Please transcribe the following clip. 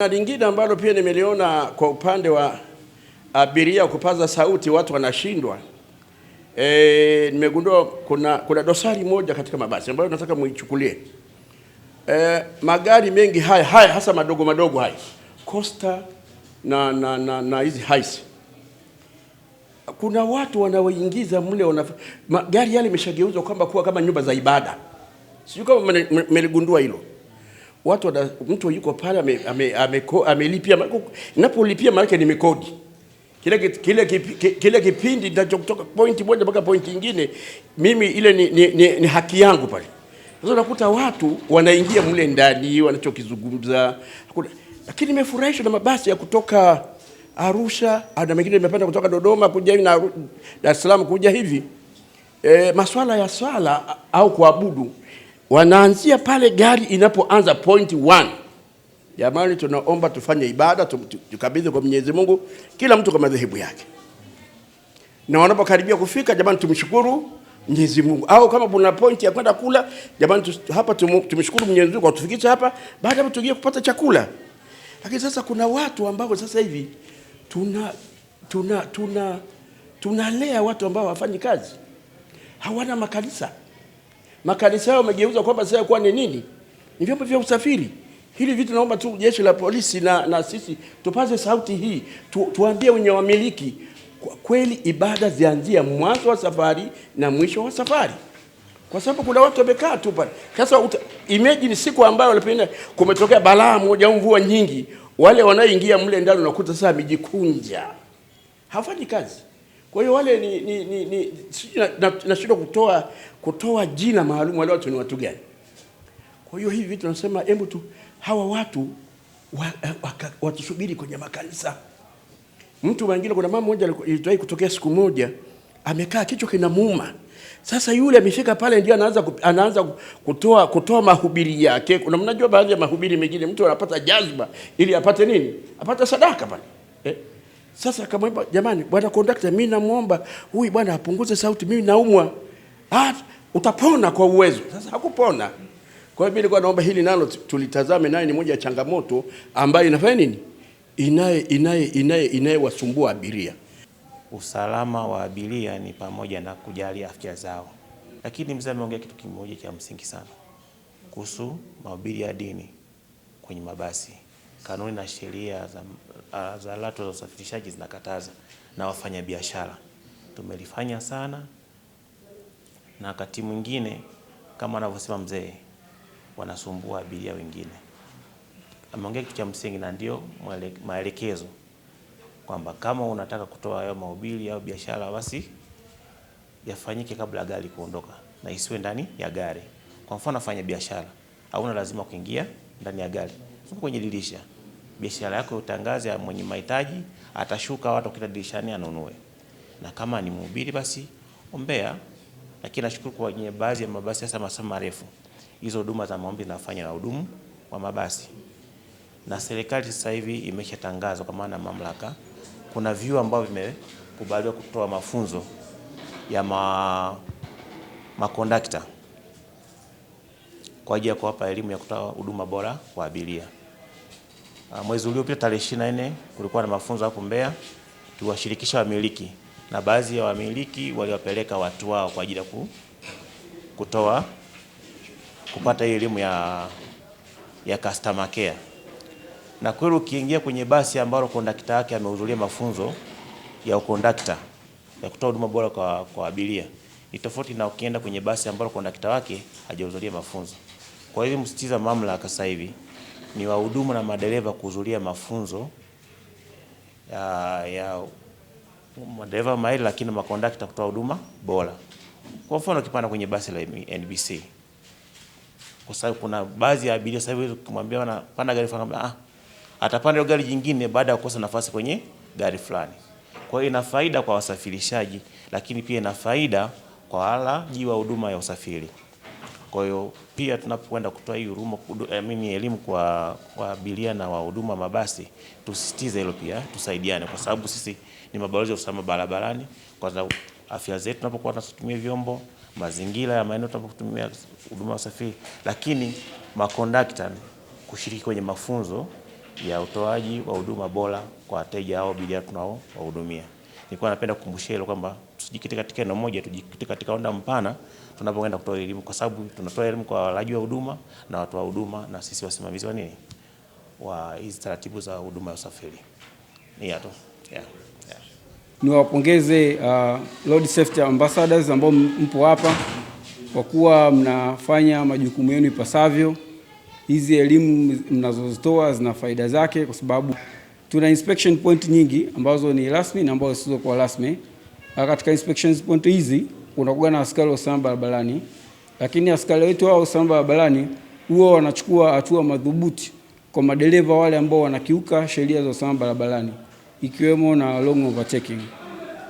Na lingine ambalo pia nimeliona kwa upande wa abiria kupaza sauti, watu wanashindwa. E, nimegundua kuna, kuna dosari moja katika mabasi ambayo nataka muichukulie. E, magari mengi haya haya hasa madogo madogo haya Costa na na na, na hizi haisi, kuna watu wanaoingiza mle wana, magari yale yameshageuzwa kwamba kuwa kama nyumba za ibada. Sijui kama mmeligundua hilo watu wada, mtu yuko pale amelipia ame, ame, ame napolipia maanake ni mikodi kile, kile, kile kipindi nitachokutoka pointi moja mpaka pointi nyingine, mimi ile ni, ni, ni, ni haki yangu pale. Sasa unakuta watu wanaingia mle ndani wanachokizungumza, lakini nimefurahishwa na mabasi ya kutoka Arusha ah, na mengine nimepanda kutoka Dodoma kuja hivi na Dar es Salaam kuja hivi. E, maswala ya swala au kuabudu wanaanzia pale gari inapoanza point one. Jamani, tunaomba tufanye ibada, tukabidhi kwa Mwenyezi Mungu, kila mtu kwa madhehebu yake, na wanapokaribia kufika, jamani, tumshukuru Mwenyezi Mungu. Au kama kuna point ya kwenda kula, jamani, hapa tumshukuru Mwenyezi Mungu kwa kutufikisha hapa, baada hapo tuingie kupata chakula. Lakini sasa kuna watu ambao sasa hivi tuna tunalea tuna, tunalea watu ambao hawafanyi kazi, hawana makanisa. Makanisa yao yamegeuza kwamba sasa kuwa ni nini? Ni vyombo vya usafiri. Hili vitu naomba tu jeshi la polisi na, na sisi tupaze sauti hii tu, tuambie wenye wamiliki kwa kweli, ibada zianzia mwanzo wa safari na mwisho wa safari, kwa sababu kuna watu wamekaa tu pale. Sasa imagine siku ambayo walipenda kumetokea balaa moja au mvua nyingi, wale wanaoingia mle ndani unakuta sasa mijikunja, hafanyi kazi. Kwa hiyo wale ni, ni, ni, ni nashindwa na na kutoa kutoa jina maalum wale watu ni watu gani. Kwa hiyo hivi vitu tunasema hebu tu hawa watu wa, wa, wa, watusubiri kwenye makanisa. Mtu mwingine, kuna mama mmoja alitoi kutokea siku moja, amekaa kichwa kinamuuma. Sasa yule amefika pale, ndio anaanza anaanza kutoa kutoa mahubiri yake. Kuna mnajua, baadhi ya mahubiri mengine mtu anapata jazba ili apate nini, apate sadaka pale sasa akamwomba, jamani, bwana kondakta, mimi namwomba huyu bwana apunguze sauti, mimi naumwa. Ah, utapona kwa uwezo. Sasa hakupona. Kwa hiyo nilikuwa naomba hili nalo tulitazame, naye ni moja ya changamoto ambayo inafanya nini, inaye inaye inaye inayewasumbua abiria. Usalama wa abiria ni pamoja na kujali afya zao, lakini mzee ameongea kitu kimoja cha msingi sana kuhusu mahubiri ya dini kwenye mabasi kanuni na sheria za, za LATRA za usafirishaji zinakataza na wafanyabiashara. Tumelifanya sana, na wakati mwingine kama anavyosema mzee, wanasumbua abiria wengine. Ameongea kitu cha msingi na ndio maelekezo kwamba kama unataka kutoa hayo mahubiri au biashara, basi yafanyike kabla gari kuondoka na isiwe ndani ya gari. Kwa mfano, afanya biashara hauna lazima kuingia ndani ya gari. Uko kwenye dirisha, biashara yako utangaze, ya mwenye mahitaji atashuka, watu kila dirishani anunue, na kama ni mhubiri basi ombea. Lakini nashukuru kwenye baadhi ya mabasi hasa masafa marefu, hizo huduma za maombi nafanya na hudumu wa mabasi, na serikali sasa hivi imeshatangaza kwa maana mamlaka, kuna vyuo ambavyo vimekubaliwa kutoa mafunzo ya ma makondakta kwa ajili ya kuwapa elimu ya kutoa huduma bora kwa abiria. Ah, mwezi uliopita tarehe 24 kulikuwa na mafunzo hapo Mbeya, tuwashirikisha wamiliki na baadhi ya wamiliki waliwapeleka watu wao kwa ajili ya kutoa kupata hii elimu ya, ya customer care. Na kweli ukiingia kwenye basi ambalo kondakta yake amehudhuria mafunzo ya ukondakta ya kutoa huduma bora kwa, kwa abiria ni tofauti na ukienda kwenye basi ambalo kondakta wake hajahudhuria mafunzo. Kwa hiyo msitiza mamlaka sasa hivi ni wahudumu na madereva kuhudhuria mafunzo ya, ya madereva maili, lakini makondakta kutoa huduma bora. Kwa mfano ukipanda kwenye basi la NBC, kwa sababu kuna baadhi ya abiria sasa hivi ukimwambia anapanda gari fulani, ah, atapanda gari jingine baada ya kukosa nafasi kwenye gari fulani. Kwa hiyo ina faida kwa wasafirishaji, lakini pia ina faida kwa walaji wa huduma ya usafiri. Kwa hiyo pia tunapokwenda kutoa hii huruma eh, I mean elimu kwa kwa abiria na wahuduma mabasi, tusisitize hilo pia, tusaidiane, kwa sababu sisi ni mabalozi wa usalama barabarani, kwa sababu afya zetu tunapokuwa tunatumia vyombo, mazingira ya maeneo tunapotumia huduma ya usafiri, lakini makondakta kushiriki kwenye mafunzo ya utoaji wa huduma bora kwa wateja au abiria wahudumia Nilikuwa napenda kukumbushia hilo kwamba tusijikite katika eneo moja, tujikite katika onda mpana tunapoenda kutoa elimu, kwa sababu tunatoa elimu kwa walaji wa huduma na wa huduma na sisi wasimamizi wa nini wa hizi taratibu za huduma ya usafiri. Ni hapo. Yeah. Niwapongeze uh, Road Safety Ambassadors ambao mpo hapa kwa kuwa mnafanya majukumu yenu ipasavyo. Hizi elimu mnazozitoa zina faida zake, kwa sababu tuna inspection point nyingi ambazo ni rasmi na ambazo zisizokuwa rasmi. Ah, katika inspections point hizi unakuwa na askari wa usalama barabarani, lakini askari wetu hao wa usalama barabarani huwa wanachukua hatua madhubuti kwa madereva wale ambao wanakiuka sheria za usalama barabarani ikiwemo na long overtaking.